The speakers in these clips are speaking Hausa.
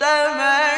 السماء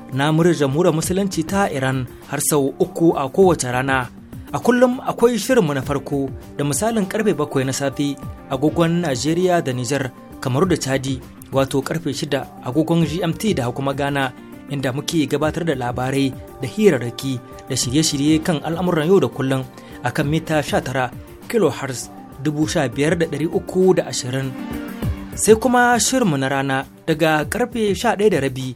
na jamhuriyar musulunci ta Iran har sau uku a kowace rana. A kullum akwai shirinmu na farko da misalin karfe bakwai na safe agogon Najeriya da Nijar kamaru da Chadi wato karfe shida agogon GMT da kuma Ghana inda muke gabatar da labarai da hirarraki da shirye-shirye kan al'amuran yau da kullum akan mita sha tara dubu biyar da uku da ashirin, sai kuma shirinmu na rana daga karfe ɗaya da rabi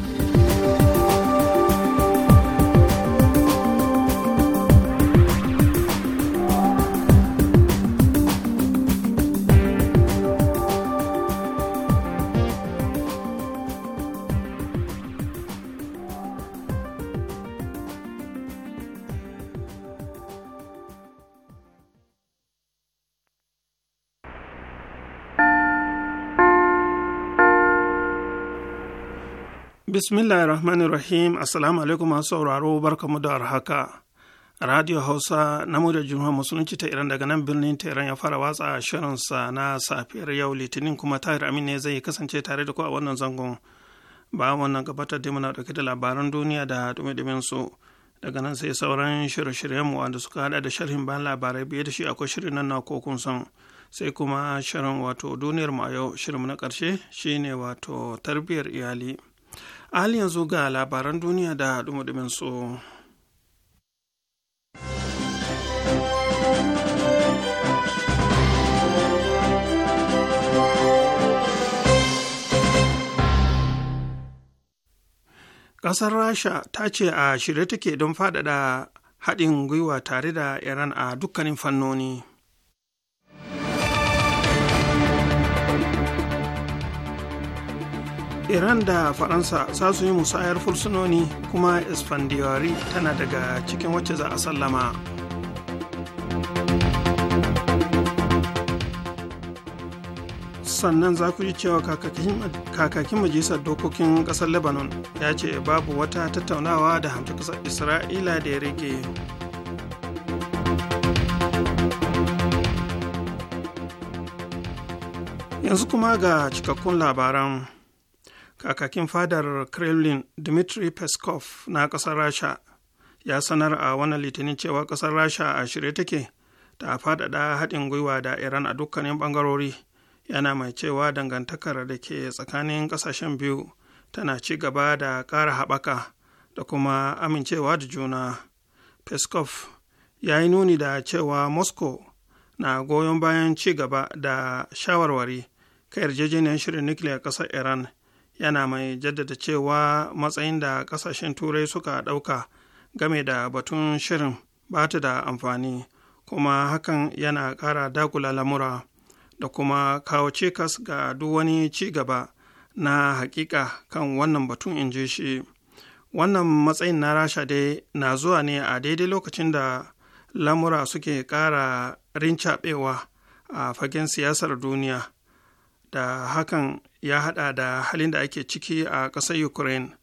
Bismillahir Rahmanir Rahim, Assalamu alaikum masu sauraro barkamu da arhaka Radio Hausa na da Jumhuriyar Musulunci ta Iran daga nan birnin Tehran ya fara watsa shirinsa na safiyar yau Litinin kuma Tahir Amin ne zai kasance tare da ku a wannan zangon. Ba wannan gabata da muna dauke da labaran duniya da dumi Daga nan sai sauran shirye-shiryen mu wanda suka hada da sharhin ban labarai biye da shi akwai shirin nan na kun san. Sai kuma shirin wato duniyar mu a yau shirin na karshe shine wato tarbiyyar iyali. hali yanzu ga labaran duniya da dumudumin su Kasar rasha ta ce a shirye take don faɗaɗa haɗin gwiwa tare da iran a dukkanin fannoni iran da faransa za su yi musayar fursunoni kuma isfandiyari tana daga cikin wacce za a sallama sannan za ku ji cewa kakakin majalisar dokokin ƙasar lebanon ya ce babu wata tattaunawa da hamsin kasar isra'ila da ya rage yanzu kuma ga cikakkun labaran kakakin fadar kremlin dmitry peskov na ƙasar rasha ya sanar a wannan litinin cewa ƙasar rasha a shirye take ta faɗaɗa haɗin gwiwa da iran a dukkanin ɓangarori yana mai cewa dangantakar da ke tsakanin ƙasashen biyu tana ci gaba da ƙara haɓaka da kuma amincewa da juna peskov ya yi nuni da cewa moscow na goyon bayan ci gaba da shawarwari ka yarjejeniyar shirin nukiliyar ƙasar iran yana mai jaddada cewa matsayin da ƙasashen turai suka ɗauka game da batun shirin ba ta da amfani kuma hakan yana ƙara dagula lamura da kuma kawo cikas ga duk wani ci gaba na haƙiƙa kan wannan batun in ji shi wannan matsayin na rasha dai na zuwa ne a daidai lokacin da lamura suke ƙara rincaɓewa a fagen siyasar duniya da hakan ya hada da halin da ake ciki a ƙasar ukraine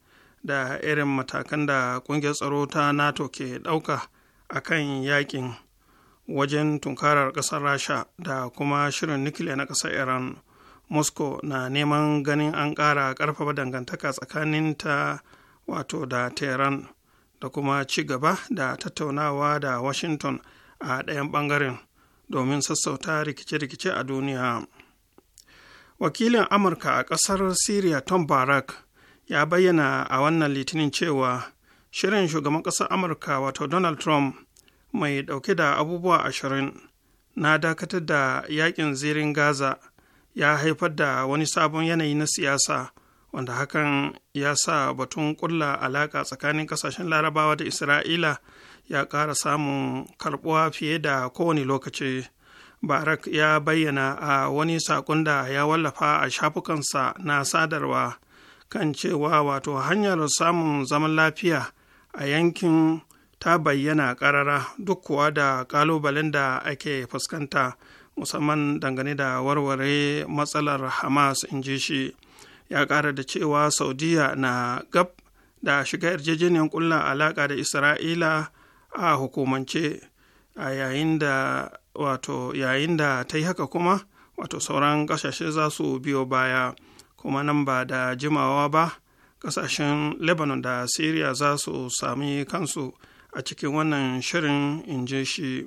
da irin matakan da ƙungiyar tsaro ta nato ke ɗauka a kan yakin wajen tunkarar ƙasar rasha da kuma shirin nukiliya na ƙasar iran moscow na neman ganin an ƙara ƙarfafa dangantaka tsakanin ta wato da tehran da kuma ci gaba da tattaunawa da washington a ɗayan ɓangaren domin sassauta rikice-rikice a duniya. wakilin amurka a ƙasar syria tom barak ya bayyana a wannan litinin cewa shirin shugaban ƙasar amurka wato donald trump mai ɗauke da abubuwa ashirin na dakatar da yakin zirin gaza ya haifar da wani sabon yanayi na siyasa wanda hakan ya sa batun ƙulla alaƙa tsakanin ƙasashen larabawa da isra'ila ya ƙara samun karɓuwa fiye da kowane lokaci barak ya bayyana a wani saƙon da ya wallafa a shafukansa na sadarwa kan cewa wato hanyar samun zaman lafiya a yankin ta bayyana ƙarara duk kuwa da ƙalubalen da ake fuskanta musamman dangane da warware matsalar hamas in ji shi ya ƙara da cewa saudiya na gab da shiga yarjejeniyar ƙulla alaƙa da isra'ila a hukumance a yayin da wato yayin da ta yi haka kuma wato sauran kasashe za su biyo baya kuma nan ba da jimawa ba kasashen lebanon da syria za su sami kansu a cikin wannan shirin inji shi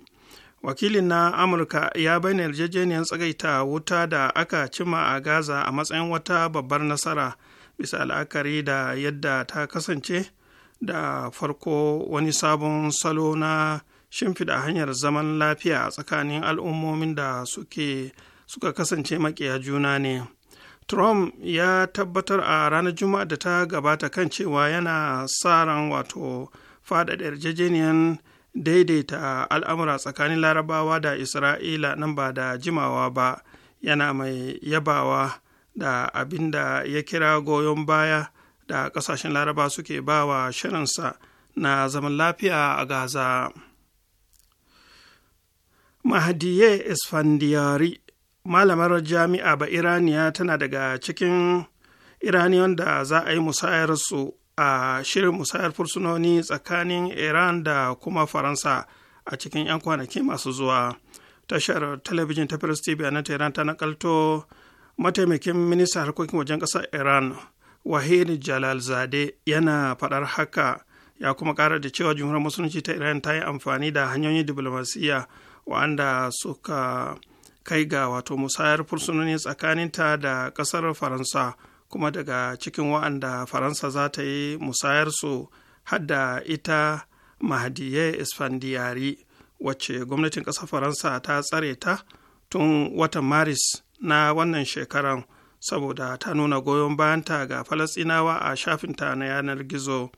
wakilin na amurka ya bayyana yarjejeniyar tsagaita wuta da aka cima a gaza a matsayin wata babbar nasara bisa la'akari da yadda ta kasance da farko wani sabon salo na shimfiɗa hanyar zaman lafiya a tsakanin al'ummomin da suke suka kasance makiya juna ne trump ya tabbatar a ranar juma'a da ta gabata kan cewa yana sa ran wato faɗaɗa yarjejeniyar daidaita al'amura tsakanin larabawa da isra'ila nan ba da jimawa ba yana mai yabawa da abin da ya kira goyon baya da ƙasashen laraba suke bawa shirinsa na zaman lafiya a gaza. mahadiye isfandiyari malamar jami'a ba iraniya tana daga cikin iraniyan da za a yi musayarsu a shirin musayar fursunoni tsakanin iran da kuma faransa a cikin 'yan kwanaki masu zuwa tashar talabijin ta first tv na iran ta nakalto mataimakin ministan harkokin wajen ƙasar iran wahid jalalzade yana faɗar haka ya kuma ƙara da cewa jumhuriyar musulunci ta iran ta yi amfani da hanyoyin diplomasiyya wanda suka kai ga wato musayar fursunoni tsakaninta da ƙasar faransa kuma daga cikin wa'anda faransa za ta yi musayar su hadda ita mahadiye isfandiyari wacce gwamnatin ƙasar faransa ta tsare ta tun watan maris na wannan shekaran saboda ta nuna goyon bayanta ga falasinawa a shafinta na yanar gizo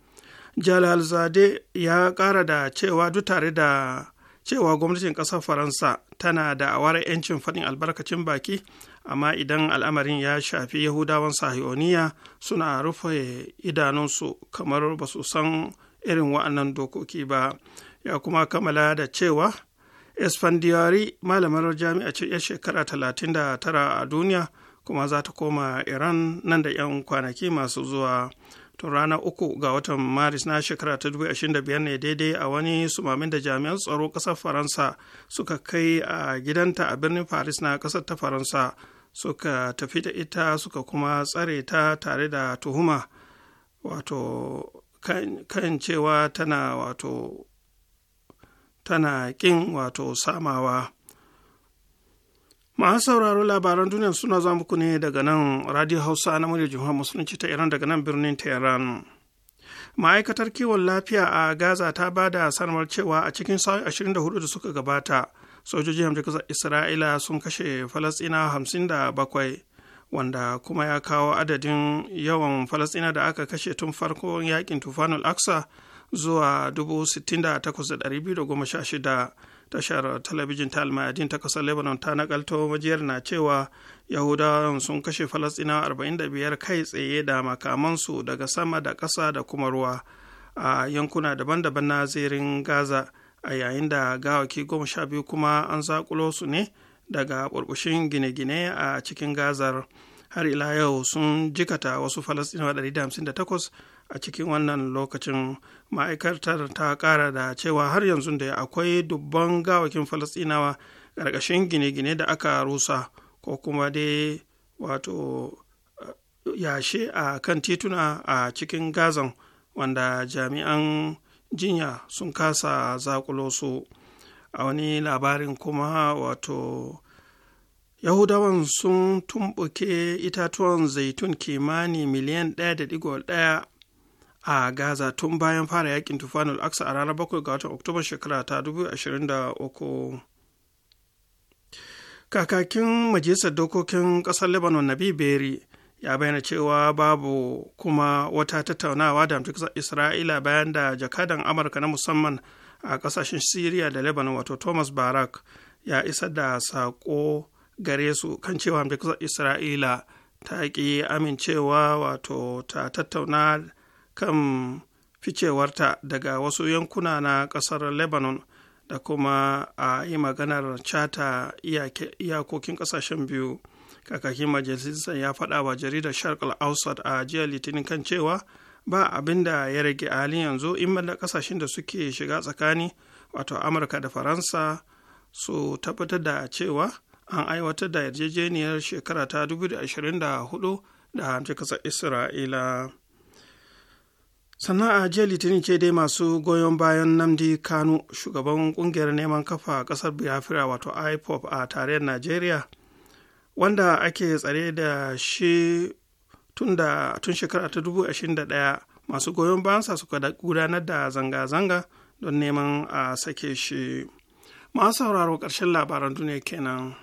jalal zade ya ƙara da cewa duk tare da cewa gwamnatin ƙasar faransa tana da awar 'yancin faɗin albarkacin baki amma idan al'amarin ya shafi yahudawan sahioniya suna rufe idanunsu kamar ba su san irin wa'annan dokoki ba ya kuma kammala da cewa espandiyari malamar jami'a ce 'yar shekara 39 a duniya kuma za ta koma iran nan da 'yan kwanaki masu zuwa tun ranar uku ga watan maris na shekara ta 2025 ne daidai a wani sumamin da jami'an tsaro ƙasar faransa suka kai a gidanta a birnin paris na ƙasar ta faransa suka tafi da ita suka kuma tsare ta tare da tuhuma wato kan cewa tana wato tana ƙin wato samawa Masu sauraro labaran duniya suna za muku ne daga nan Radio Hausa na murya Jihar Musulunci ta Iran daga nan birnin Tehran. Ma'aikatar kiwon lafiya a Gaza ta ba da sanarwar cewa a cikin sa'o'i 24 da suka gabata, sojoji hamshin Isra'ila sun kashe Falasɗina 57 wanda kuma ya kawo adadin yawan Falasina da aka kashe tun farkon yakin Tufanul Aksa zuwa 68,216 tashar talabijin ta almayadin ta kasar lebanon ta nakalto majiyar na cewa yahudawa sun kashe falastina 45 kai tsaye da makamansu daga sama da ƙasa da kuma ruwa a yankuna daban-daban na zirin gaza a yayin da gawaki goma sha biyu kuma an zakulo su ne daga burbushin gine-gine a cikin gazar. har ila yau sun jikata wasu falastinawa 158 a cikin wannan lokacin ma'aikatar ta kara da cewa har yanzu da akwai dubban gawakin falastinawa ƙarƙashin gine-gine da aka rusa ko kuma dai wato eh, yashe a kan tituna a cikin gazan wanda jami'an jinya sun kasa zakulo su a wani labarin kuma wato yahudawan sun tumɓuke itatuwan zaitun kimani miliyan 1.1 a gaza tun bayan fara yakin tufanul aksa a ranar 7 ga watan oktoba shekara ta 2023 kakakin majalisar dokokin ƙasar lebanon nabi beri ya bayyana cewa babu kuma wata tattaunawa da amfikisar isra'ila bayan da jakadan amurka na musamman a ƙasashen syria da lebanon wato thomas barak ya isa da saƙo gare su kan cewa hamdukasar isra'ila ta ƙi amincewa wato ta tattauna kan ficewarta daga wasu yankuna na ƙasar lebanon da kuma a yi maganar cata iyakokin ƙasashen biyu kakakin majalisar ya faɗa wa jaridar shark al-ausad a jiya litinin kan cewa ba abin da ya rage a halin yanzu in da ƙasashen da suke shiga tsakani wato amurka da faransa su tabbatar da cewa an aiwatar da yarjejeniyar shekara ta 2024 da hamci kasar isra'ila sannan a jiya litinin ce dai masu goyon bayan namdi Kano shugaban kungiyar neman kafa kasar biafra wato ipop a tarayyar najeriya wanda ake tsare da shi tun shekara ta 2021 masu goyon bayansa suka gudanar da zanga-zanga don neman a sake shi masu sauraro ƙarshen labaran duniya kenan.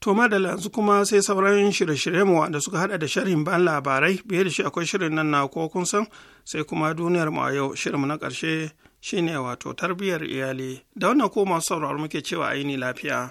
To madalla yanzu kuma sai sauran shirye-shirye mu wanda suka hada da sharhin ban labarai biye da shi akwai shirin nan na ko kun san sai kuma duniyar mu a yau shirin na karshe shine wato tarbiyyar iyali da wannan ko masu sauraro muke cewa aini lafiya.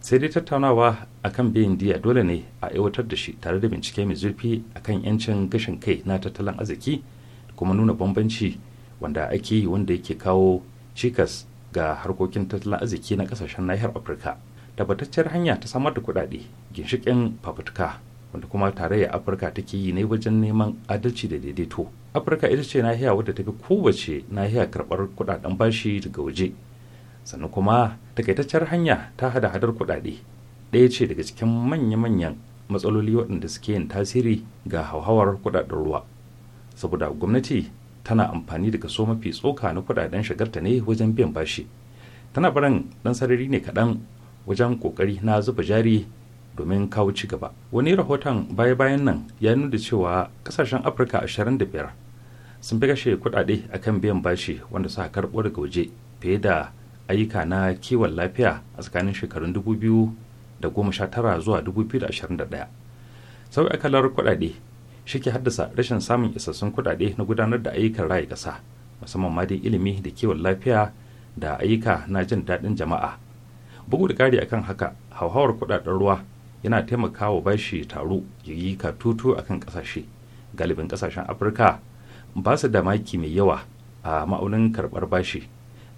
sai dai tattaunawa a kan biyan diya dole ne a aiwatar da shi tare da bincike mai zurfi a kan yancin gashin kai na tattalin arziki da kuma nuna bambanci wanda ake yi wanda yake kawo cikas ga harkokin tattalin arziki na kasashen nahiyar afirka tabbatacciyar hanya ta samar da kuɗaɗe ginshiƙin fafutuka wanda kuma tarayya afirka take yi ne wajen neman adalci da daidaito afirka ita ce nahiya wadda ta fi kowace nahiya karɓar kuɗaɗen bashi daga waje sannan kuma takaitaccen hanya ta hada hadar kuɗaɗe ɗaya ce daga cikin manya-manyan matsaloli waɗanda suke yin tasiri ga hauhawar kuɗaɗen ruwa saboda gwamnati tana amfani da kaso mafi tsoka na kuɗaɗen shagarta ne wajen biyan bashi tana barin ɗan sarari ne kaɗan wajen ƙoƙari na zuba jari domin kawo ci gaba wani rahoton baya-bayan nan ya nuna cewa ƙasashen afirka 25 sun fi kashe kuɗaɗe akan biyan bashi wanda suka karɓo daga waje fiye da ayyuka na kiwon lafiya a tsakanin shekarun 2019 zuwa 2021 sauya kalar kuɗaɗe shi ke haddasa rashin samun isassun kuɗaɗe na gudanar da ayyukan rayu ƙasa musamman ma dai ilimi da kiwon lafiya da ayyuka na jin daɗin jama'a bugu da ƙari akan haka hauhawar kuɗaɗen ruwa yana taimakawa bashi taro ya yi katutu akan ƙasashe galibin ƙasashen afirka ba su da maki mai yawa a ma'aunin karɓar bashi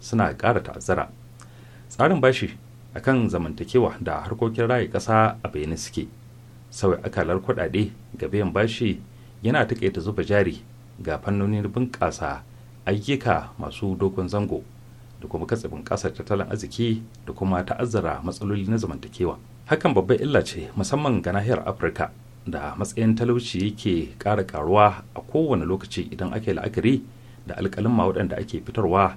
suna ƙara ta'azzara tsarin bashi a kan zamantakewa da harkokin raye ƙasa a bayyane suke sauya akalar kuɗaɗe ga biyan bashi yana taƙaita zuba jari ga fannonin bunƙasa ayyuka masu dogon zango da kuma katsibin ƙasar tattalin arziki da kuma ta'azzara matsaloli na zamantakewa hakan babbar illa ce musamman ga nahiyar afirka da matsayin talauci yake ƙara ƙaruwa a kowane lokaci idan ake la'akari da alƙalin waɗanda ake fitarwa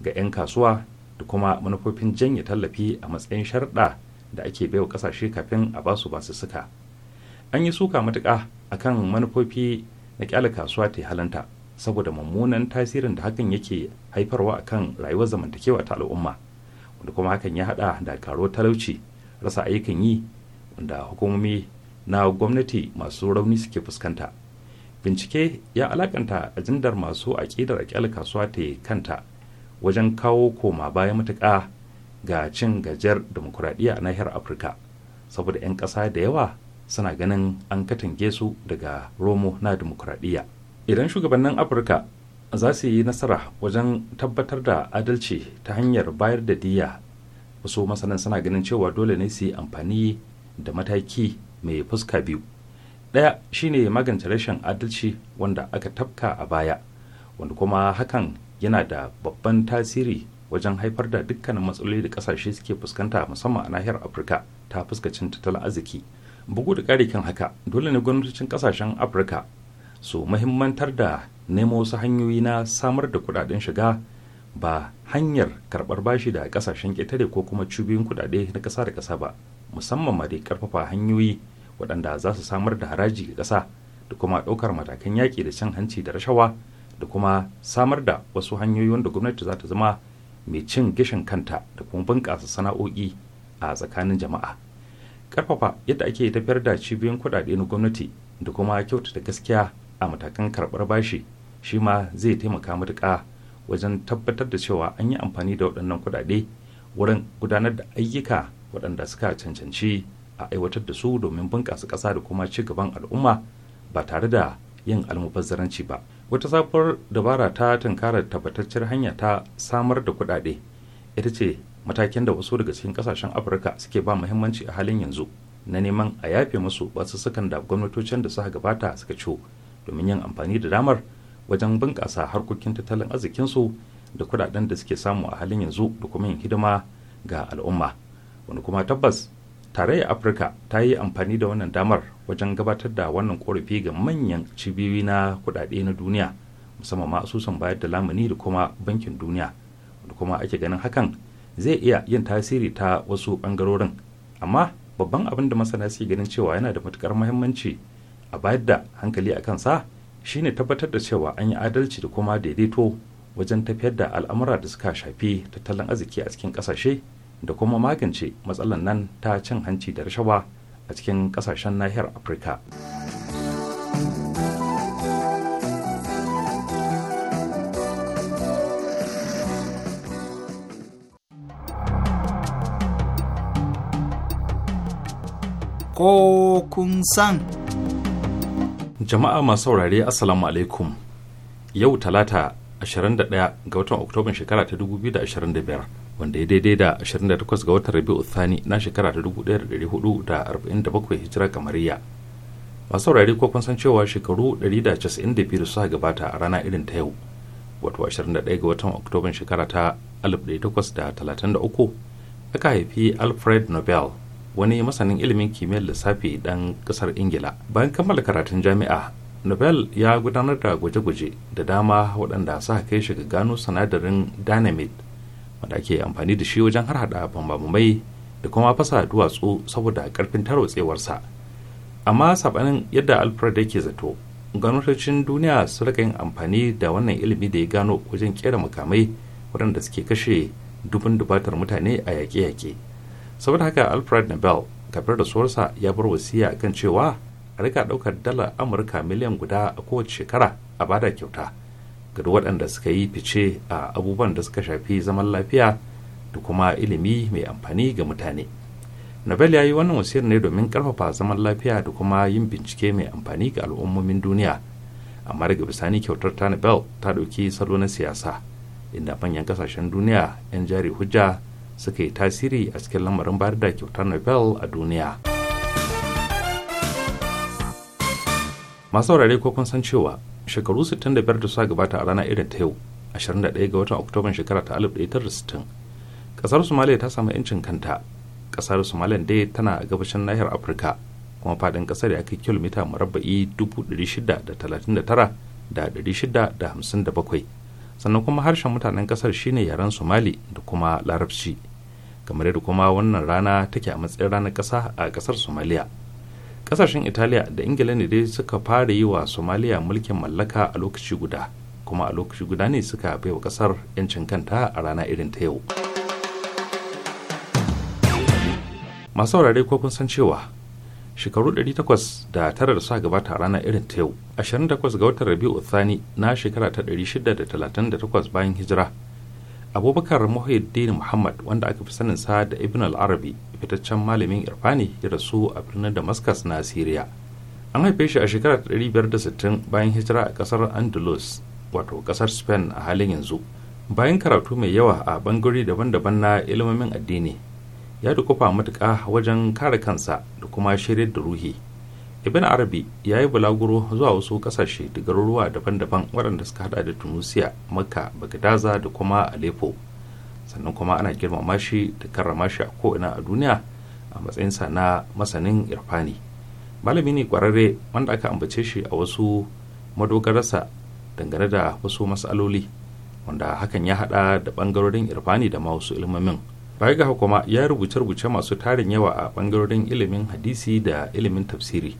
ga 'yan kasuwa da kuma manufofin janye tallafi a matsayin sharɗa da ake baiwa ƙasashe kafin a basu basu suka an yi suka matuƙa akan manufofi na ƙyale kasuwa ta halanta saboda mummunan tasirin da hakan yake haifarwa a kan rayuwar zamantakewa ta al'umma wanda kuma hakan ya haɗa da karo talauci rasa ayyukan yi wanda hukumomi na gwamnati masu rauni suke fuskanta bincike ya alakanta ajindar masu aƙidar ƙyale kasuwa ta kanta wajen kawo koma baya matuƙa ga cin gajiyar demokuraɗiyya a nahiyar afirka saboda 'yan ƙasa da yawa suna ganin an katange su daga romo na demokuraɗiyya idan shugabannin afirka za su yi nasara wajen tabbatar da adalci ta hanyar bayar da diya wasu masanan suna ganin cewa dole ne su yi amfani da mataki mai fuska biyu ɗaya shine magance rashin adalci wanda aka tafka a baya wanda kuma hakan yana da babban tasiri wajen haifar da dukkanin matsaloli da kasashe suke fuskanta musamman a nahiyar afirka ta fuskacin tattalin arziki bugu da ƙari kan haka dole ne gwamnatocin kasashen afirka su mahimmantar da nemo wasu hanyoyi na samar da kudaden shiga ba hanyar karbar bashi da kasashen ƙetare ko kuma cubiyoyin kudade na ƙasa da ƙasa ba musamman ma dai karfafa hanyoyi waɗanda za su samar da haraji ga ƙasa da kuma ɗaukar matakan yaƙi da cin hanci da rashawa da kuma samar da wasu hanyoyi wanda gwamnati za ta zama mai cin gishin kanta da kuma bunƙasa sana'o'i a tsakanin jama'a ƙarfafa yadda ake tafiyar da cibiyoyin kuɗaɗe na gwamnati da kuma kyautata gaskiya a matakan karɓar bashi shi ma zai taimaka matuƙa wajen tabbatar da cewa an yi amfani da waɗannan kuɗaɗe wurin gudanar da ayyuka waɗanda suka cancanci a aiwatar da su domin bunƙasa ƙasa da kuma ci gaban al'umma ba tare da yin almubazzaranci ba wata sabuwar dabara ta tunkarar tabbataccen hanya ta samar da kuɗaɗe ita ce matakin da wasu daga cikin kasashen afirka suke ba muhimmanci a halin yanzu na neman a yafe musu sukan da gwamnatocin da suka gabata suka ciwo domin yin amfani da damar wajen bunƙasa harkokin tattalin arzikinsu da kudaden da suke samu a halin yanzu da kuma yin hidima ga al'umma wani kuma tabbas tarayyar afirka ta yi amfani da wannan damar wajen gabatar da wannan korafi ga manyan cibiyoyi na kudade na duniya musamman ma asusun bayar da lamuni da kuma bankin duniya da kuma ake ganin hakan zai iya yin tasiri ta wasu bangarorin amma babban abin da masana suke ganin cewa yana da matukar muhimmanci a bayar da hankali a kansa shine tabbatar da cewa an yi adalci da kuma daidaito wajen tafiyar da al'amura da suka shafi tattalin arziki a cikin kasashe da kuma magance matsalan nan ta cin hanci da rashawa a cikin kasashen nahiyar afirka ko kun san jama'a masu saurare assalamu alaikum yau talata 21 ga watan oktoban shekara ta 2025 wanda ya daidai da 28 ga watan rabi'u thani na shekara ta 1447 hijira kamariya masu saurari ko kun san cewa shekaru 195 da suka gabata a rana irin ta yau wato 21 ga watan oktoban shekara ta 1833 aka haifi alfred nobel wani masanin ilimin kimiyyar lissafi dan kasar ingila bayan kammala karatun jami'a nobel ya gudanar da gwaje-gwaje da dama waɗanda sa kai shi ga gano sanadarin dynamite wanda ake amfani da shi wajen harhaɗa mai da kuma fasa duwatsu saboda karfin tarwatsewarsa amma saɓanin yadda alfred yake zato gwamnatocin duniya su rika yin amfani da wannan ilimi da ya gano wajen kera makamai waɗanda suke kashe dubin dubatar mutane a yaƙe-yaƙe saboda haka alfred nobel kafin rasuwarsa ya bar wasiya kan cewa a rika ɗaukar dalar amurka miliyan guda a kowace shekara a bada kyauta ga waɗanda suka yi fice a abubuwan da suka shafi zaman lafiya da kuma ilimi mai amfani ga mutane nobel ya yi wannan wasiyar ne domin karfafa zaman lafiya da kuma yin bincike mai amfani ga al'ummomin duniya amma daga bisani kyautar ta nobel ta ɗauki salo na siyasa inda manyan ƙasashen duniya 'yan jari hujja suka yi tasiri a cikin lamarin bayar da kyautar nobel a duniya masu ko kun san cewa shekaru 65 da suka gabata a rana irin ta yau 21 ga watan oktoban shekara ta 1960 kasar somalia ta samu 'yancin kanta kasar somalia dai tana a gabashin nahiyar afirka kuma fadin kasar ya kai kilomita murabba'i 639,657 sannan kuma harshen mutanen kasar shine yaren somali da kuma larabci kamar yadda kuma wannan rana take a matsayin ranar kasa a kasar somaliya kasashen italiya da ingila ne dai suka fara yi wa somaliya mulkin mallaka a lokaci guda kuma a lokaci guda ne suka bai wa kasar 'yancin kanta a rana irin ta yau masu saurare ko kun san cewa shekaru 800 da tara da suka gabata rana irin ta yau 28 ga watan rabiu thani na shekara ta 638 bayan hijira abubakar muhyiddin muhammad wanda aka fi sanin sa da ibn al-arabi fitaccen malamin irfani ya rasu a birnin damascus na syria an haife shi a shekarar 560 bayan hijira a kasar andalus wato kasar spain a halin yanzu bayan karatu mai yawa a bangare daban-daban na ilimomin addini ya dukufa matuka wajen kare kansa da kuma shirin da ruhi ibn arabi ya yi bulaguro zuwa wasu kasashe da garuruwa daban-daban waɗanda suka hada da tunisia makka bagdaza da kuma aleppo sannan kuma ana girmama shi da karrama shi a ko'ina a duniya a matsayinsa na masanin irfani malami ne kwararre wanda aka ambace shi a wasu madogararsa dangane da wasu matsaloli wanda hakan ya hada da bangarorin irfani da ma wasu ilmomin baya ga kuma ya rubuce-rubuce masu tarin yawa a bangarorin ilimin hadisi da ilimin tafsiri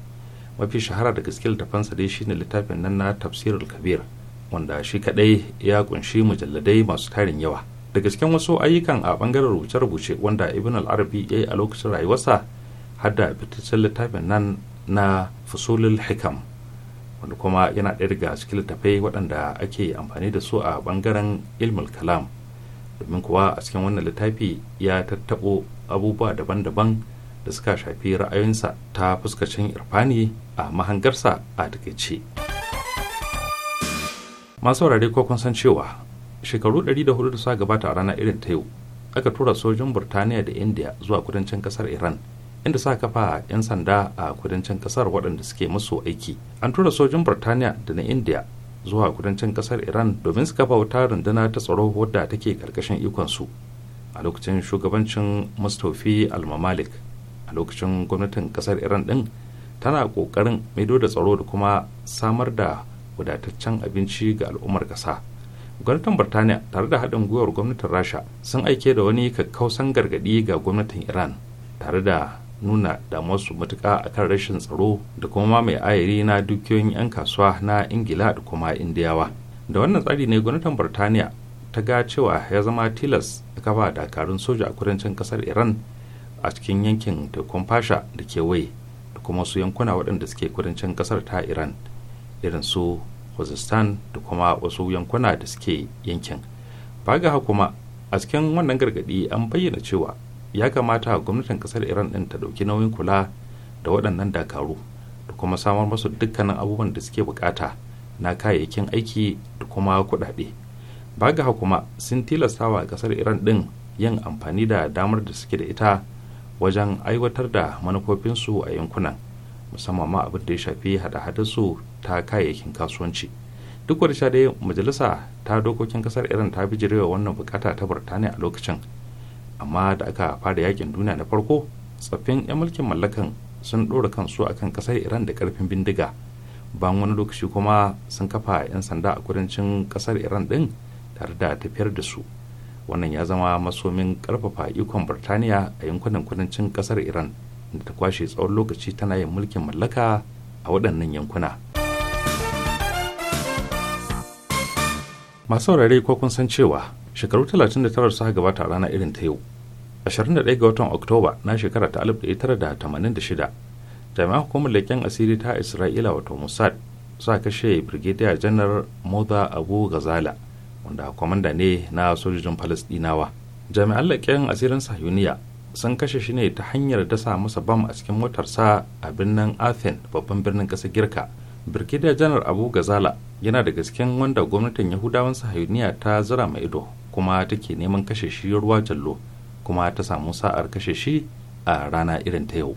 mafi shahara da gaske littafansa dai shine littafin nan na tafsirul kabir wanda shi kadai ya kunshi mujalladai masu tarin yawa daga cikin wasu ayyukan a bangaren rubuce-rubuce wanda ibn al-arabi ya yi a lokacin rayuwarsa har da fitaccen littafin nan na fusulul hikam wanda kuma yana ɗaya daga cikin littafai waɗanda ake amfani da su a bangaren ilmul kalam domin kuwa a cikin wannan littafi ya tattaɓo abubuwa daban-daban da suka shafi ra'ayoyinsa ta fuskacin irfani a mahangarsa a takaice masu saurare san cewa shekaru 104 da suka gabata a ranar irin ta yau aka tura sojin burtaniya da india zuwa kudancin kasar iran inda suka kafa 'yan sanda a kudancin kasar waɗanda suke musu aiki an tura sojin burtaniya da na india zuwa kudancin kasar iran domin su kafa wata rundunar ta tsaro wadda take karkashin ikonsu a lokacin shugabancin mustafi almamalik a lokacin gwamnatin kasar iran din tana kokarin maido da tsaro da kuma samar da wadataccen abinci ga al'ummar ƙasa. gwamnatin birtaniya tare da haɗin gwiwar gwamnatin rasha sun aike da wani kakkausan gargaɗi ga gwamnatin iran tare da nuna damuwarsu matuƙa kan rashin tsaro da kuma mai ayari na dukiyoyin 'yan kasuwa na ingila da kuma indiyawa da wannan tsari ne gwamnatin birtaniya ta ga cewa ya zama tilas a kafa dakarun soja a kudancin kasar iran a cikin yankin tekun fasha da kewaye da kuma su yankuna waɗanda suke kudancin kasar ta iran irin su wazistan da kuma wasu yankuna da suke yankin baga kuma a cikin wannan gargadi an bayyana cewa ya kamata gwamnatin kasar iran din ta dauki nauyin kula da waɗannan dakaru da kuma samar masu dukkanin abubuwan da suke bukata na kayayyakin aiki da kuma kuɗaɗe baga kuma sun tilastawa kasar iran din yin amfani da damar da suke da ita wajen aiwatar da manufofinsu a yankunan musamman ma abin da ya shafi hada-hadarsu ta kayayyakin kasuwanci duk wani sha dai majalisa ta dokokin kasar iran ta bijirewa wannan bukata ta birtaniya a lokacin amma da aka fara yakin duniya na farko tsaffin 'yan mulkin mallakan sun ɗora kansu akan kasar iran da karfin bindiga bayan wani lokaci kuma sun kafa 'yan sanda a kudancin kasar iran ɗin tare da tafiyar da su wannan ya zama masomin ƙarfafa ikon burtaniya a yankunan kudancin kasar iran da ta kwashe tsawon lokaci tana yin mulkin mallaka a waɗannan yankuna. masu saurare ko kun san cewa shekaru 39 suka gabata rana irin ta yau 21 ga watan oktoba na shekara ta 1986 jami'an hukumar leƙen asiri ta isra'ila wato mossad sa kashe brigadier janar moza abu gazala wanda kwamanda ne na sojojin falasdinawa jami'an leƙen asirin sahuniya sun kashe shi ne ta hanyar dasa masa bam a cikin motarsa a birnin athen babban birnin ƙasar girka Birkidiyar janar abu gazala yana da gasken wanda gwamnatin yahudawan sahayuniya ta zura mai ido kuma take neman kashe shi ruwa jallo kuma ta samu sa'ar kashe shi a rana irin ta yau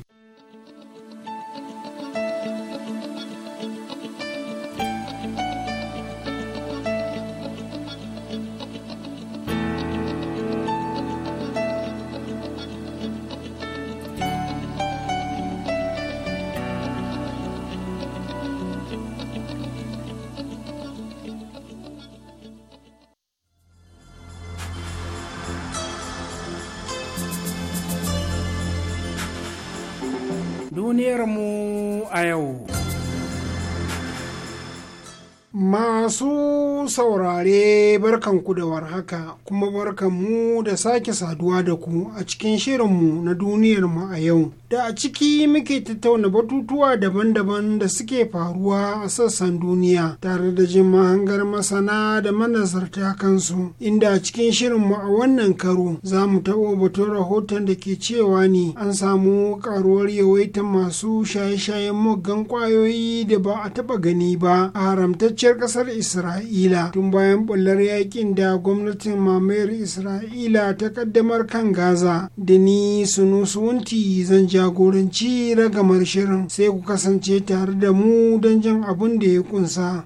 Paré ku da warhaka kuma mu da sake saduwa da ku a cikin shirinmu na duniyar mu a yau. Da a ciki muke tattauna batutuwa daban-daban da suke faruwa a sassan duniya tare da jin mahangar masana da manazarta kansu. Inda a cikin shirinmu a wannan karo za mu taɓo batun rahoton da ke cewa ne an samu karuwar yawaitar masu shaye-shayen muggan ƙwayoyi da ba a taɓa gani ba a haramtacciyar ƙasar Isra'ila tun bayan ɓullar yakin da gwamnatin mamayar isra'ila ta kaddamar kan gaza da ni sunusunti zan jagoranci ragamar shirin sai ku kasance tare da mu don jan abin da ya kunsa.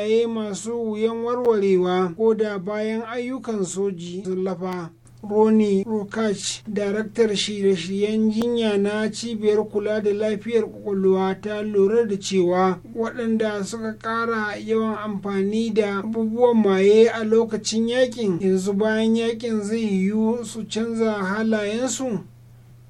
halaye masu wuyan warwarewa ko da bayan ayyukan soji sun lafa Roni rukach daraktar shirye-shiryen jinya na cibiyar kula da lafiyar kwakwalwa ta lura da cewa waɗanda suka ƙara yawan amfani da abubuwan maye a lokacin yakin yanzu bayan yakin zai yiwu su canza halayensu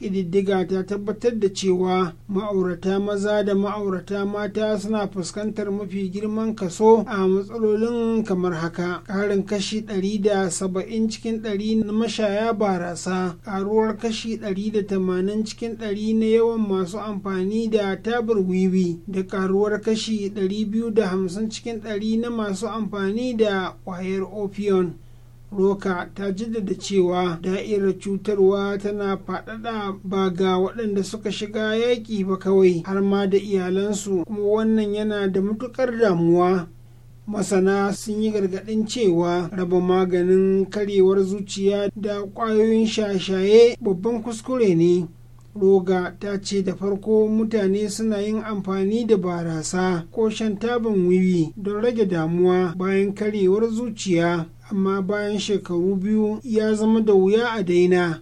ƙididdiga ta tabbatar da cewa ma'aurata maza da ma'aurata mata suna fuskantar mafi girman kaso a matsalolin kamar haka ƙarin kashi ɗari da saba'in cikin ɗari na mashaya barasa ƙaruwar kashi ɗari da tamanin cikin ɗari na yawan masu amfani da tabar wiwi da ƙaruwar kashi ɗari biyu da hamsin cikin ɗari na masu amfani da ƙwayar opion roka ta jaddada cewa da'irar cutarwa tana faɗaɗa ba ga waɗanda suka shiga yaƙi ba kawai har ma da iyalansu kuma wannan yana da matuƙar damuwa masana sun yi gargaɗin cewa raba maganin karyewar zuciya da ƙwayoyin shashaye babban kuskure ne roga ta ce da farko mutane suna yin amfani da barasa ko shan tabin wiwi don rage damuwa bayan karyewar zuciya amma bayan shekaru biyu ya zama da wuya a daina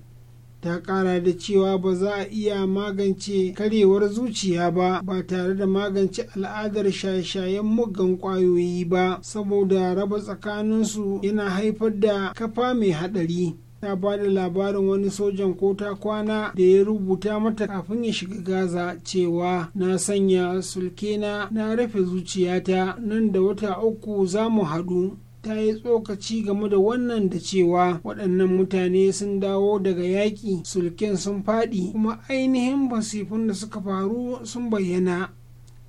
ta kara da cewa ba za a iya magance karewar zuciya ba ba tare da magance al'adar shaye-shayen muggan kwayoyi ba saboda raba tsakaninsu yana haifar da kafa mai haɗari ta ba da labarin wani sojan kota kwana da ya rubuta mata kafin ya shiga gaza cewa na sanya sulkena na rufe zuciyata nan da wata uku za mu haɗu ta yi tsokaci game da wannan da cewa waɗannan mutane sun dawo daga yaƙi Sulkin sun faɗi kuma ainihin basifin da suka faru sun bayyana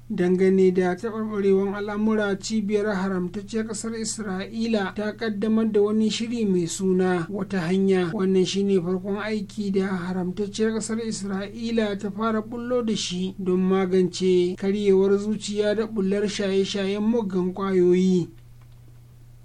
dangane da taɓarɓarewar al'amura cibiyar haramtacciyar ƙasar isra'ila ta ƙaddamar da wani shiri mai suna wata hanya wannan shine farkon aiki da haramtacciyar ƙasar isra'ila ta fara bullo da shi don magance karyewar zuciya da bullar shaye-shayen muggan ƙwayoyi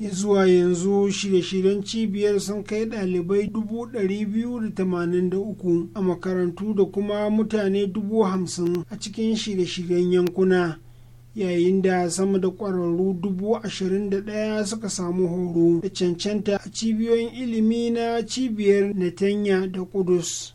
ya zuwa yanzu shirye-shiryen cibiyar sun kai dalibai 283 a makarantu da kuma mutane 50,000 a cikin shirye-shiryen yankuna yayin da sama da ƙwararru 21,000 suka samu horo da cancanta a cibiyoyin ilimi na cibiyar netanya da kudus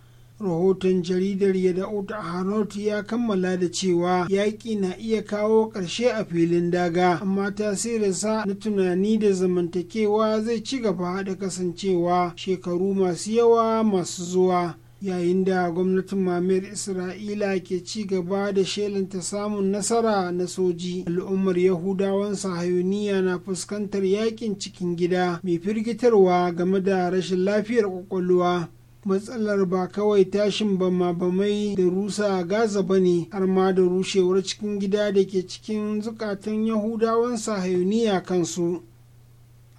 rahoton jaridar ya yadda Hanot ya kammala da cewa yaƙi na iya kawo ƙarshe a filin daga amma tasirinsa na tunani da zamantakewa zai ci gaba da kasancewa shekaru masu yawa masu zuwa yayin da gwamnatin mamir isra'ila ke ci gaba da shelanta samun nasara na soji al'ummar yahudawan sahayuniya na fuskantar yakin cikin gida mai firgitarwa game da rashin lafiyar ƙwaƙwalwa. matsalar ba kawai tashin bama-bamai da rusa a gaza ba ne har ma da rushewar cikin gida da ke cikin zukatan yahudawan sahayuniya kansu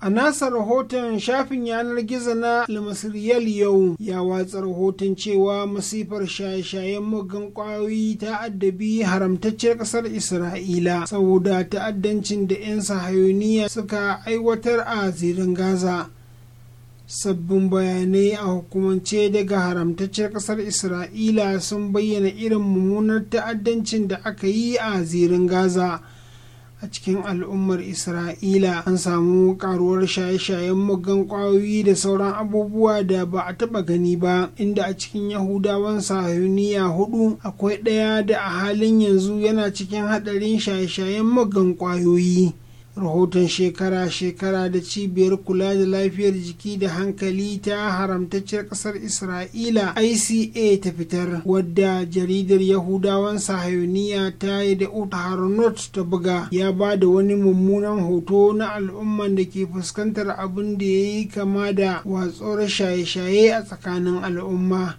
a nasa rahoton shafin yanar gizo na almasiriyal yau ya watsa rahoton cewa masifar shaye-shayen muggan kwayoyi ta addabi haramtaccen kasar isra'ila saboda ta'addancin da 'yan sahayuniya suka aiwatar a zirin gaza sabbin bayanai a hukumance daga haramtacciyar ƙasar isra'ila sun bayyana irin mummunar ta'addancin da aka yi a zirin gaza a cikin al'ummar isra'ila an samu karuwar shaye-shayen muggan kwayoyi da sauran abubuwa da ba a taɓa gani ba inda a cikin yahudawan sahuniya hudu akwai ɗaya da a halin yanzu yana cikin haɗarin shaye-shayen muggan kwayoyi rahoton shekara-shekara da cibiyar kula da lafiyar jiki da hankali ta haramtacciyar ƙasar isra'ila ica ta fitar wadda jaridar yahudawan sahayoniya ta yi da utaharnot ta buga ya ba da wani mummunan hoto na al'umman da ke fuskantar abin da ya yi kama da watsuwar shaye-shaye a tsakanin al'umma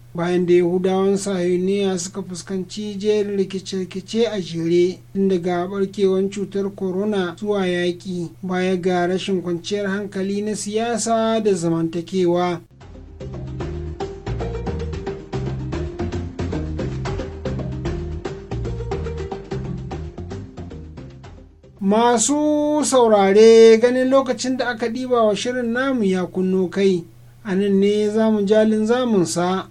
bayan da yahudawan sahiyoniya suka fuskanci jerin rikice-rikice a jere tun daga barkewan cutar corona zuwa yaƙi baya ga rashin kwanciyar hankali na siyasa da zamantakewa masu saurare ganin lokacin da aka ɗiba wa shirin namu ya kunno kai anan ne zamun jalin zamunsa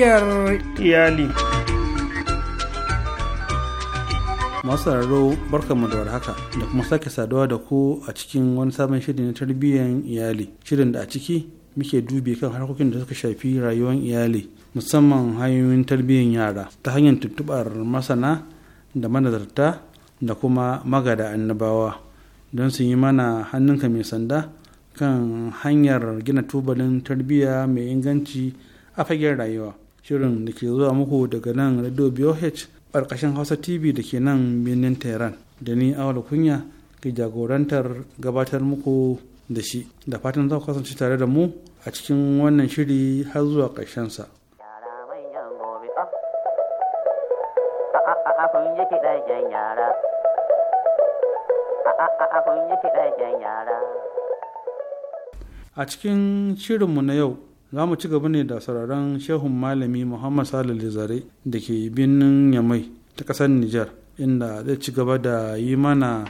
tarbiyyar iyali masararo barkanmu da warhaka da kuma sake saduwa da ku a cikin wani sabon shirin na tarbiyyar iyali shirin da a ciki muke dubi kan harkokin da suka shafi rayuwar iyali musamman hanyoyin tarbiyyar yara ta hanyar tuntubar masana da manazarta da kuma magada annabawa don su yi mana hannunka mai sanda kan hanyar gina tubalin tarbiyya mai inganci a fagen rayuwa shirin da ke zuwa muku daga nan radio boh ƙarƙashin hausa tv da ke nan birnin tehran da ni awala kunya ke jagorantar gabatar muku da shi da fatan za ku kasance tare da mu a cikin wannan shiri har zuwa ƙarshensa. a cikin shirinmu na yau za mu ci gaba ne da sauraron shehun malami muhammad salih lizare da ke birnin yamai ta ƙasar nijar inda zai ci gaba da yi mana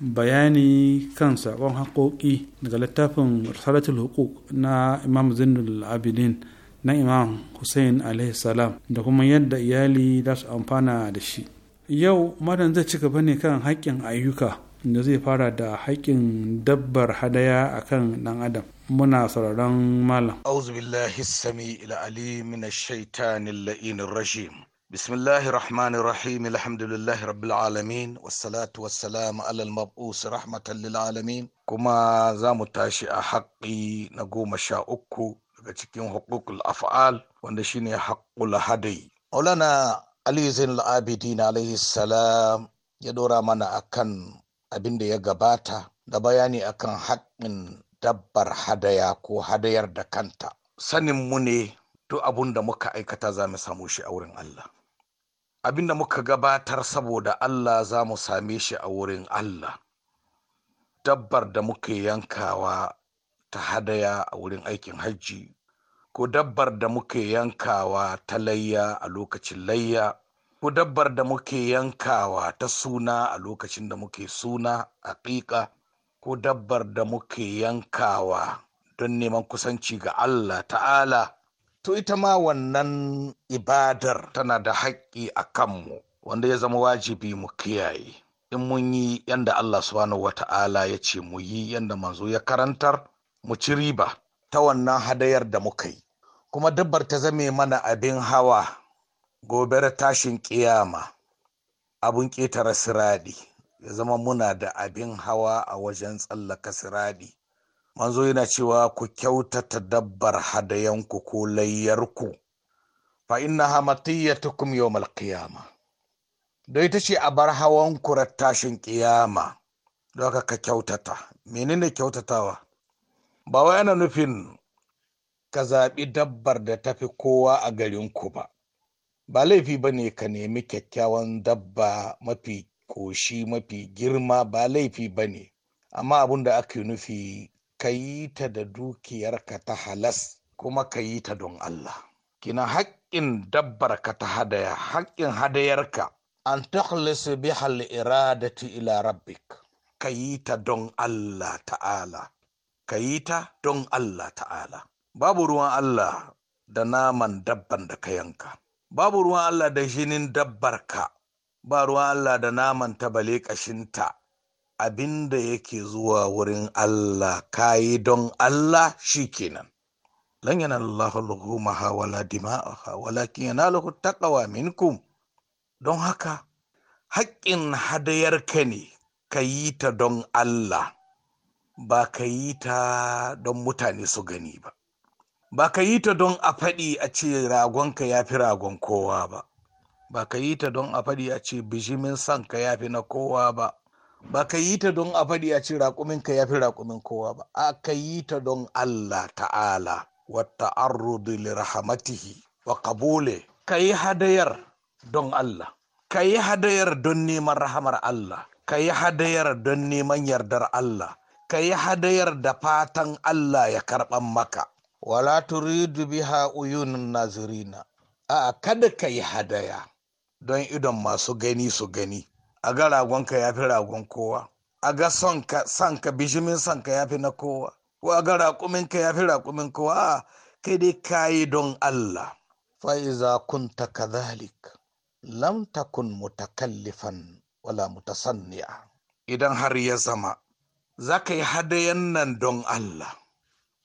bayani kan sabon haƙoƙi daga littafin rasaratul hukuk na imam zindul abidin na imam hussein alaihi salam da kuma yadda iyali za su amfana da shi yau madan zai ci gaba ne kan haƙƙin ayyuka da zai fara da haƙƙin dabbar hadaya akan ɗan adam muna sauraron malam auzubillahi sami al'ali mina shaitanin la'inin rashim bismillahi rahmani rahim alhamdulillahi rabbil alamin wassalatu wassalamu alal mab'us rahmatan lil alamin kuma za mu tashi a haƙƙi na goma sha uku daga cikin hukukul af'al wanda shine haƙƙul hadai maulana ali zainal abidin alaihi salam ya dora mana akan abin da ya gabata da bayani akan haƙƙin dabbar hadaya ko hadayar da kanta sanin mu ne duk abin da muka aikata za mu samu shi a wurin Allah abin da muka gabatar saboda Allah za mu same shi a wurin Allah dabbar da muke yankawa ta hadaya a wurin aikin hajji ko dabbar da muke yankawa ta layya a lokacin layya ko dabbar da muke yankawa ta suna a lokacin da muke suna aƙiƙa ko dabbar da muke yankawa don neman kusanci ga Allah ta'ala to ita ma wannan ibadar tana da haƙƙi a kanmu wanda ya zama wajibi mu kiyaye in mun yi yanda Allah subhanahu wata'ala ya ce mu yi yanda manzo ya karantar mu ci riba ta wannan hadayar da muka yi kuma dabbar ta zame mana abin hawa gobe tashin ƙiyama abun ƙetare siradi ya zama muna da abin hawa a wajen tsallaka siradi manzo yana cewa ku kyautata dabbar hadayanku ko layyarku fa inna hamatiyyatukum yawmal qiyama da ita ce a bar hawan kurar tashin ƙiyama don ka ka kyautata menene kyautatawa ba wai ana nufin ka zaɓi dabbar da tafi kowa a garinku ba ba laifi ba ne ka nemi kyakkyawan dabba mafi koshi mafi girma ba laifi ba ne amma abin da yi nufi ka yi ta da dukiyarka ta halas kuma ka yi ta don Allah kina haƙƙin dabbar ka ta hadaya haƙƙin hadayarka an takhlisu bihal al-iradati ila rabbik ka yi ta don Allah ta'ala ka yi ta don Allah ta'ala babu ruwan Allah da naman dabban da ka yanka babu ruwan Allah da jinin dabbarka ba ruwan Allah da naman ta bale kashinta abinda yake zuwa wurin Allah kayi don Allah shikenan lan yanallahu luhumaha wala dima'aha walakin yanaluhu taqwa minkum don haka haƙƙin hadayarka ne ka yi ta don Allah ba ka yi ta don mutane su gani ba ba ka yi ta don a faɗi a ce ragonka ya fi ragon kowa ba ba ka yi ta don a faɗi a ce bijimin sanka ya fi na kowa ba ba ka yi ta don a faɗi a ce raƙuminka ya fi raƙumin kowa ba a ka yi ta don allah ta'ala wata an li rahmatihi wa kabule ka yi hadayar don allah ka yi hadayar don neman rahamar allah ka yi hadayar don neman yardar allah ka yi hadayar da fatan allah ya karɓan maka wala turidu biha uyunun nazirina a kada ka yi hadaya don idon masu gani su gani a ga ragonka ya fi ragon kowa a ga sanka ka bishimin sanka ya fi na kowa ko a ga raƙumin ya fi raƙumin kowa a kai dai kayi don Allah fa'iza kun kadhalik lam takun mutakallifan wala mutasanniya idan har ya zama za ka yi hadayan nan don Allah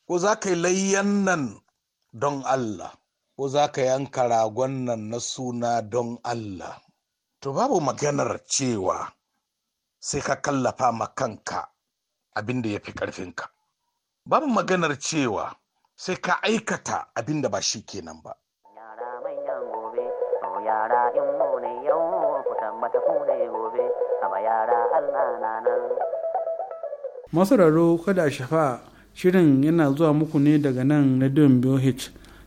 ko za ka yi layyan nan don Allah ko za ka yanka ragon nan na suna don Allah to babu maganar cewa sai ka kallafa ma kanka abin da ya fi ƙarfinka babu maganar cewa sai ka aikata abin da ba shi kenan ba yara a kada shafa shirin yana zuwa muku ne daga nan radio boh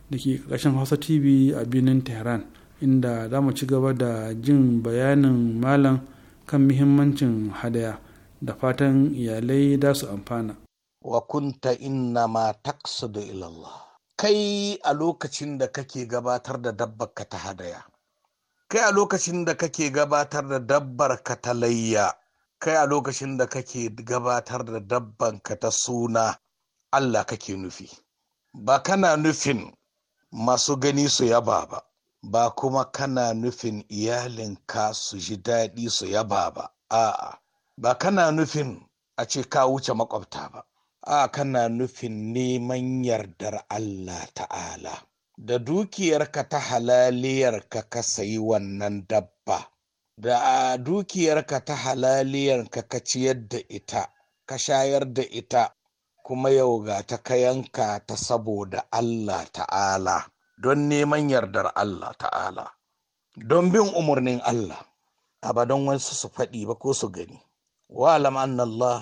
da ke ƙarƙashin hausa tv a birnin tehran inda za mu ci gaba da jin bayanin malam kan muhimmancin hadaya da fatan iyalai da su amfana wa kunta inna ma taqsidu ila Allah kai a lokacin da kake gabatar da dabbar ka ta hadaya kai a lokacin da kake gabatar da dabbar ka ta layya kai a lokacin da kake gabatar da dabban ka ta suna Allah kake nufi ba kana nufin masu gani su yaba ba ba kuma kana nufin iyalinka su ji daɗi su yaba ba a'a ba kana nufin a ce ka wuce makwabta ba a kana nufin neman yardar Allah ta'ala da dukiyarka ta halaliyarka ka sayi wannan dabba da a dukiyarka ta halaliyarka ka ciyar da ita ka shayar da ita kuma yau ga ta ka yanka ta saboda Allah ta'ala don neman yardar Allah ta'ala don bin umarnin Allah abadan wasu su faɗi ba ko su gani wa'alam anna Allah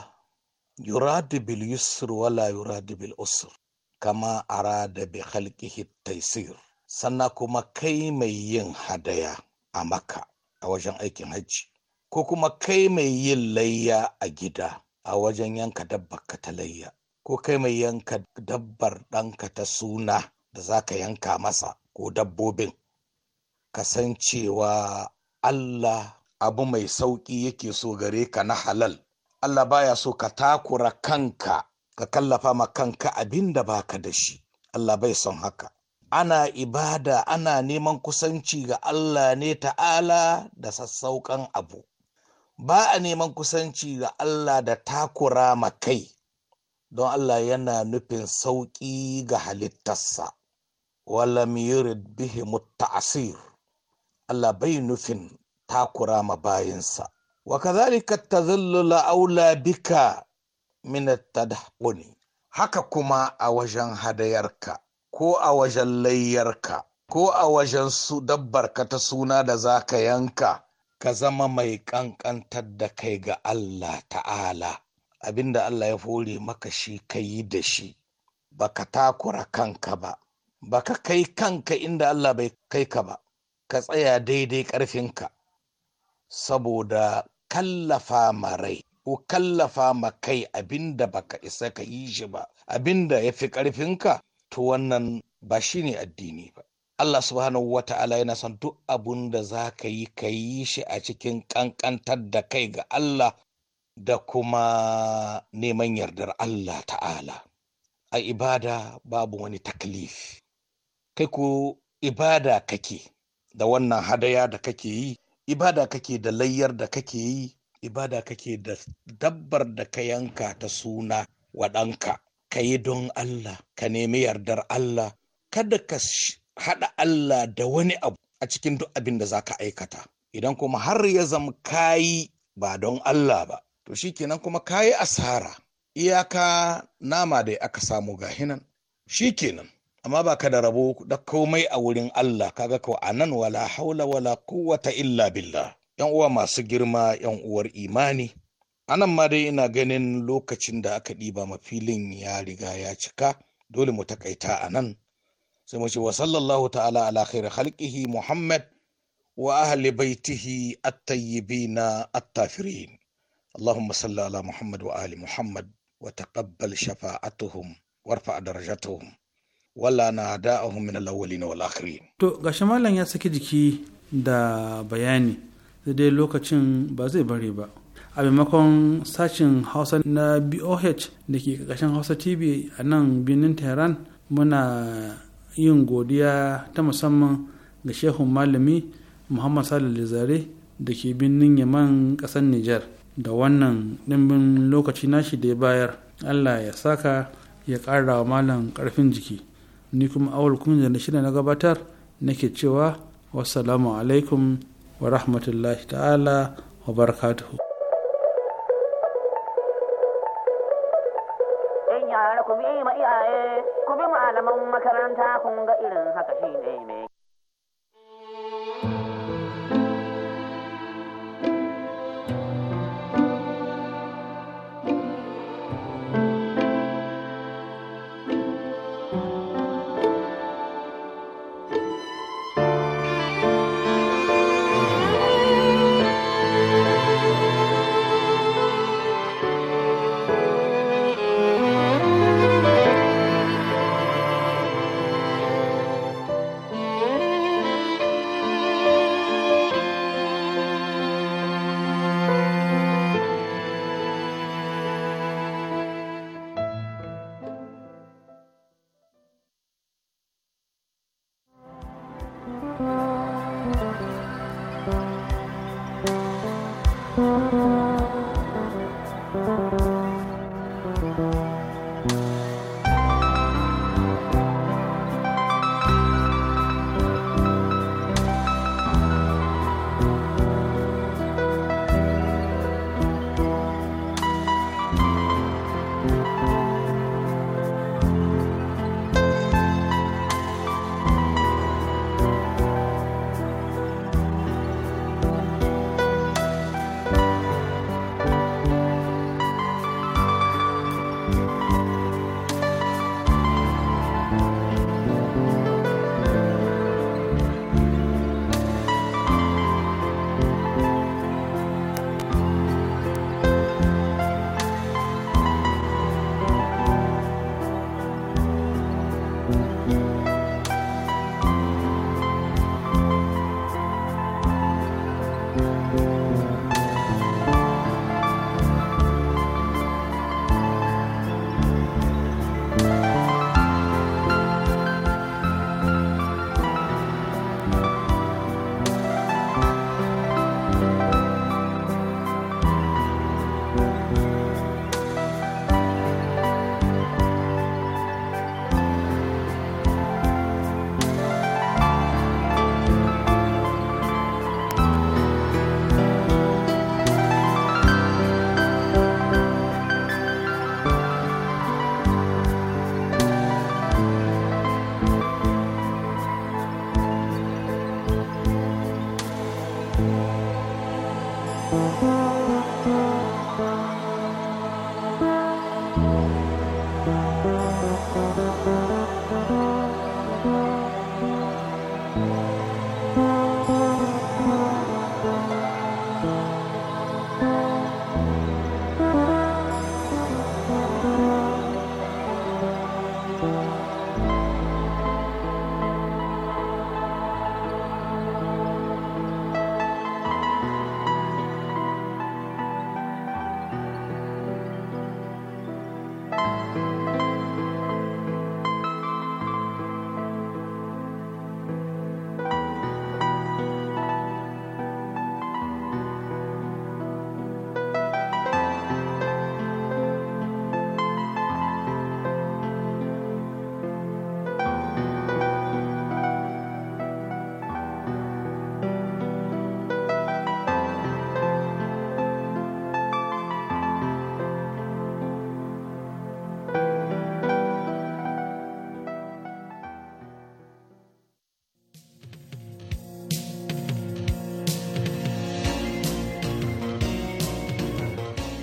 yuradu bil yusr wala yuradu bil usr kama arada bi khalqihi taysir sannan kuma kai mai yin hadaya a maka a wajen aikin hajji ko kuma kai mai yin layya a gida a wajen yanka dabba ka ta layya ko kai mai yanka dabbar ɗanka ta suna da za ka yanka masa ko dabbobin cewa Allah abu mai sauƙi yake so gare ka na halal Allah baya so ka takura kanka ka kallafa ma kanka abin da baka da shi Allah bai son haka ana ibada ana neman kusanci ga Allah ne ta'ala da sassauƙan abu ba a neman kusanci ga Allah da takura ma kai don Allah yana nufin sauƙi ga halittarsa walam yurid bihi ta'asir Allah bai nufin takura ma bayinsa wa kadhalika tazallu la'aula aula bika min tadahquni haka kuma a wajen hadayarka ko a wajen layyarka ko a wajen su dabbarka ta suna da za ka yanka ka zama mai ƙanƙantar da kai ga Allah ta'ala abinda Allah ya fore maka shi ka yi da shi baka takura kanka ba baka kai kanka inda Allah bai kai ka ba ka tsaya daidai ƙarfinka saboda kallafa marai ko kallafa ma kai abinda baka isa ka yi shi ba abinda ya fi ƙarfinka to wannan ba shi ne addini ba Allah subhanahu wa ta'ala yana son duk abun da za ka yi ka yi shi a cikin ƙanƙantar da kai ga Allah da kuma neman yardar Allah ta'ala a ibada babu wani taklif kai ko ibada kake da wannan hadaya da kake yi ibada kake da layyar da kake yi ibada kake da dabbar da ka yanka ta suna waɗanka ka yi don Allah ka nemi yardar Allah kada ka haɗa Allah da wani abu a cikin duk abin da za ka aikata idan kuma har ya zama kayi ba don Allah ba to shi kenan kuma kayi asara iyaka nama da aka samu ga shi kenan amma ba ka da rabo da komai a wurin Allah kaga ko anan wala haula wala quwwata illa billah yan uwa masu girma yan uwar imani anan ma dai ina ganin lokacin da aka ɗiba ma filin ya riga ya cika dole mu takaita a nan sai mu ce wa sallallahu ta'ala ala khair khalqihi muhammad wa ahli baitihi at tayyibina at-tafirin اللهم صل على محمد وآل محمد وتقبل شفاعتهم warfa درجتهم wala na من min al تو wal يا to gashi mallam ya saki jiki da bayani dai lokacin ba zai bare ba a maimakon sashin hausa na boh da ke ƙarƙashin hausa tv a nan birnin tehran muna yin godiya ta musamman ga shehun malami muhammad salih zare da ke birnin yaman ƙasar niger da wannan ɗimbin lokaci nashi da ya bayar allah ya saka ya ƙara wa malam ƙarfin jiki ni kuma awal kuma da na shirya na gabatar nake cewa wassalamu alaikum wa rahmatullahi ta'ala wa barakatuhu ku bi ma ku bi malaman makaranta kun ga irin haka shi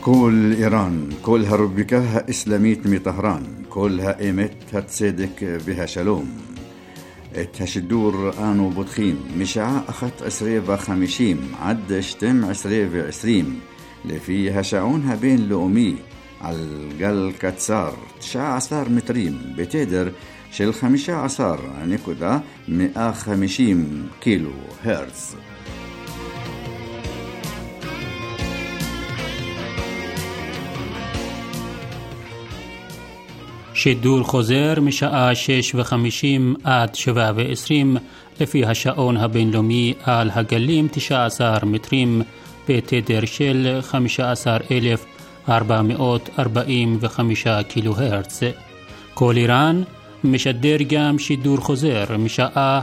كل إيران كلها ربكها إسلاميت مي طهران كلها إيمت هتصدق بها شلوم الدور آنو بطخيم مشاعة أخت عسرية وخمشيم عد شتم عسرية وعسريم لفيها شعونها بين لؤمي على القل كتسار تشاع عصار متريم بتدر شل خمشة عصار نكودا مئة خمشيم كيلو هرتز שידור חוזר משעה וחמישים עד ועשרים לפי השעון הבינלאומי על הגלים 19 מטרים בתדר של 15,445 קילו הרץ. כל איראן משדר גם שידור חוזר משעה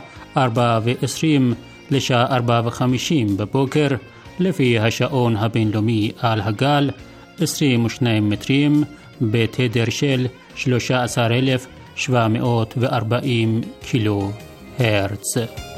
ועשרים לשעה וחמישים בבוקר לפי השעון הבינלאומי על הגל 22 מטרים בתדר של 13,740 קילו הרץ.